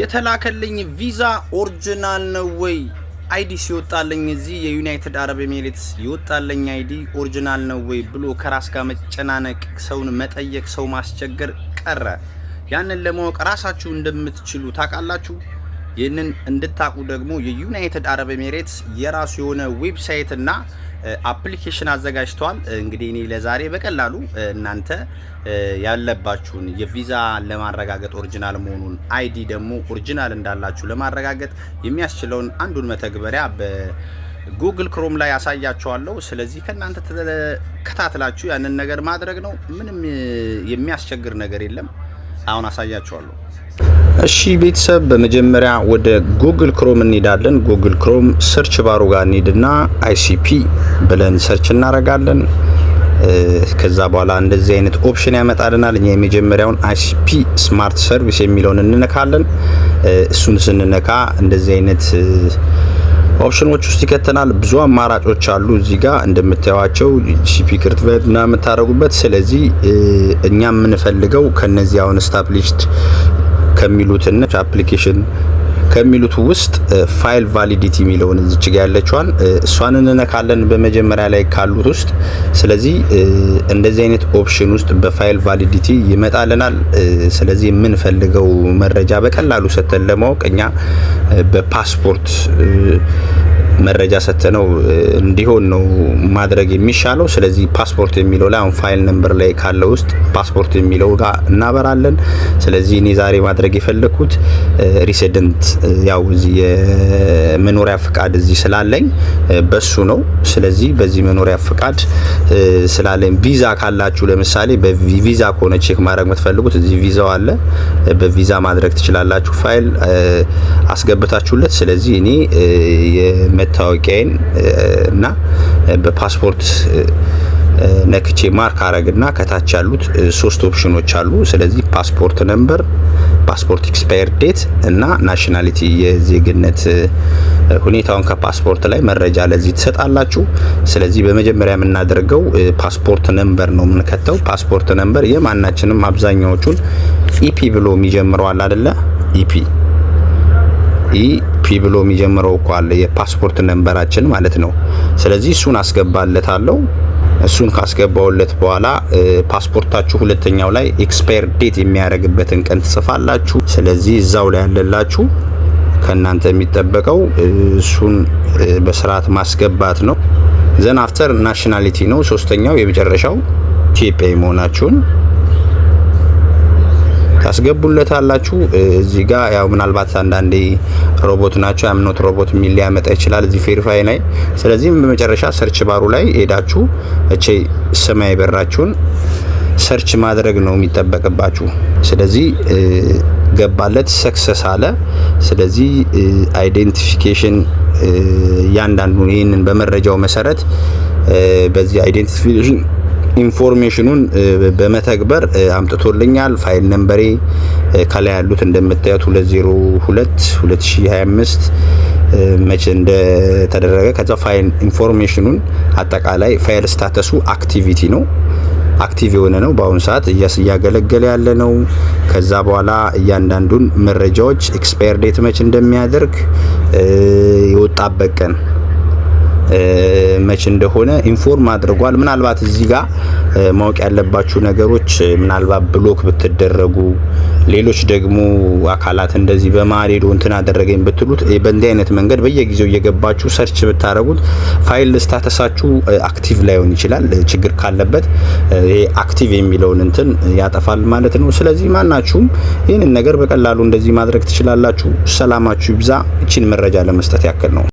የተላከልኝ ቪዛ ኦሪጂናል ነው ወይ? አይዲ ሲወጣልኝ እዚህ የዩናይትድ አረብ ኤሚሬትስ ይወጣልኝ አይዲ ኦሪጂናል ነው ወይ ብሎ ከራስ ጋር መጨናነቅ፣ ሰውን መጠየቅ፣ ሰው ማስቸገር ቀረ። ያንን ለማወቅ ራሳችሁ እንደምትችሉ ታውቃላችሁ። ይህንን እንድታቁ ደግሞ የዩናይትድ አረብ ኤሜሬትስ የራሱ የሆነ ዌብሳይት እና አፕሊኬሽን አዘጋጅተዋል። እንግዲህ እኔ ለዛሬ በቀላሉ እናንተ ያለባችሁን የቪዛ ለማረጋገጥ ኦሪጂናል መሆኑን አይዲ ደግሞ ኦሪጂናል እንዳላችሁ ለማረጋገጥ የሚያስችለውን አንዱን መተግበሪያ በጉግል ክሮም ላይ ያሳያችኋለሁ። ስለዚህ ከእናንተ ተከታትላችሁ ያንን ነገር ማድረግ ነው። ምንም የሚያስቸግር ነገር የለም። አሁን አሳያችኋለሁ። እሺ ቤተሰብ በመጀመሪያ ወደ ጉግል ክሮም እንሄዳለን። ጉግል ክሮም ሰርች ባሩ ጋር እንሄድና አይሲፒ ብለን ሰርች እናረጋለን። ከዛ በኋላ እንደዚህ አይነት ኦፕሽን ያመጣልናል። እኛ የመጀመሪያውን አይሲፒ ስማርት ሰርቪስ የሚለውን እንነካለን። እሱን ስንነካ እንደዚህ አይነት ኦፕሽኖች ውስጥ ይከተናል። ብዙ አማራጮች አሉ እዚህ ጋር እንደምታዩዋቸው ጂፒ ክትበት ምናምን የምታደርጉበት። ስለዚህ እኛ የምንፈልገው ከነዚህ አሁን ስታብሊሽድ ከሚሉትና አፕሊኬሽን ከሚሉት ውስጥ ፋይል ቫሊዲቲ የሚለውን እዚች ጋ ያለችዋን እሷን እንነካለን በመጀመሪያ ላይ ካሉት ውስጥ። ስለዚህ እንደዚህ አይነት ኦፕሽን ውስጥ በፋይል ቫሊዲቲ ይመጣልናል። ስለዚህ የምንፈልገው መረጃ በቀላሉ ሰተን ለማወቅ እኛ በፓስፖርት መረጃ ሰጥተነው እንዲሆን ነው ማድረግ የሚሻለው። ስለዚህ ፓስፖርት የሚለው ላይ አሁን ፋይል ነምበር ላይ ካለ ውስጥ ፓስፖርት የሚለው ጋር እናበራለን። ስለዚህ እኔ ዛሬ ማድረግ የፈለግኩት ሪሴደንት ያው እዚህ የመኖሪያ ፍቃድ እዚህ ስላለኝ በሱ ነው። ስለዚህ በዚህ መኖሪያ ፍቃድ ስላለኝ ቪዛ ካላችሁ ለምሳሌ በቪዛ ከሆነ ቼክ ማድረግ የምትፈልጉት እዚህ ቪዛው አለ። በቪዛ ማድረግ ትችላላችሁ ፋይል አስገብታችሁለት። ስለዚህ እኔ መታወቂያዬን እና በፓስፖርት ነክቼ ማርክ አረግና ከታች ያሉት ሶስት ኦፕሽኖች አሉ። ስለዚህ ፓስፖርት ነምበር፣ ፓስፖርት ኤክስፓየር ዴት እና ናሽናሊቲ የዜግነት ሁኔታውን ከፓስፖርት ላይ መረጃ ለዚህ ትሰጣላችሁ። ስለዚህ በመጀመሪያ የምናደርገው ፓስፖርት ነምበር ነው የምንከተው። ፓስፖርት ነምበር የማናችንም አብዛኛዎቹን ኢፒ ብሎ የሚጀምረዋል አደለ? ኢፒ ኢ ፒ ብሎ የሚጀምረው እኮ አለ የፓስፖርት ነንበራችን ማለት ነው። ስለዚህ እሱን አስገባለታለሁ። እሱን ካስገባውለት በኋላ ፓስፖርታችሁ ሁለተኛው ላይ ኤክስፓየር ዴት የሚያደርግበትን ቀን ትጽፋላችሁ። ስለዚህ እዛው ላይ ያለላችሁ ከእናንተ የሚጠበቀው እሱን በስርዓት ማስገባት ነው። ዘን አፍተር ናሽናሊቲ ነው ሶስተኛው የመጨረሻው ኢትዮጵያዊ መሆናችሁን ታስገቡለታላችሁ። እዚህ ጋር ያው ምናልባት አንዳንዴ ሮቦት ናቸው ያምኖት ሮቦት የሚል ሊያመጣ ይችላል እዚህ ቬሪፋይ ላይ። ስለዚህም በመጨረሻ ሰርች ባሩ ላይ ሄዳችሁ እቺ ሰማይ በራችሁን ሰርች ማድረግ ነው የሚጠበቅባችሁ። ስለዚህ ገባለት ሰክሰስ አለ። ስለዚህ አይዴንቲፊኬሽን እያንዳንዱ ይህንን በመረጃው መሰረት በዚህ አይዴንቲፊኬሽን ኢንፎርሜሽኑን በመተግበር አምጥቶልኛል። ፋይል ነንበሬ ከላይ ያሉት እንደምታዩት 202 2025 መቼ እንደተደረገ ከዛ ፋይል ኢንፎርሜሽኑን አጠቃላይ ፋይል ስታተሱ አክቲቪቲ ነው አክቲቭ የሆነ ነው። በአሁኑ ሰዓት እያገለገለ ያለ ነው። ከዛ በኋላ እያንዳንዱን መረጃዎች ኤክስፓየር ዴት መች እንደሚያደርግ የወጣበት ቀን መቼ እንደሆነ ኢንፎርም አድርጓል። ምናልባት እዚህ ጋር ማወቅ ያለባችሁ ነገሮች ምናልባት ብሎክ ብትደረጉ፣ ሌሎች ደግሞ አካላት እንደዚህ ሄዶ እንትን አደረገኝ ብትሉት በእንዲህ አይነት መንገድ በየጊዜው እየገባችሁ ሰርች ብታደረጉት ፋይል ስታተሳችሁ አክቲቭ ላይሆን ይችላል። ችግር ካለበት ይሄ አክቲቭ የሚለውን እንትን ያጠፋል ማለት ነው። ስለዚህ ማናችሁም ይህንን ነገር በቀላሉ እንደዚህ ማድረግ ትችላላችሁ። ሰላማችሁ ይብዛ። ይችን መረጃ ለመስጠት ያክል ነው።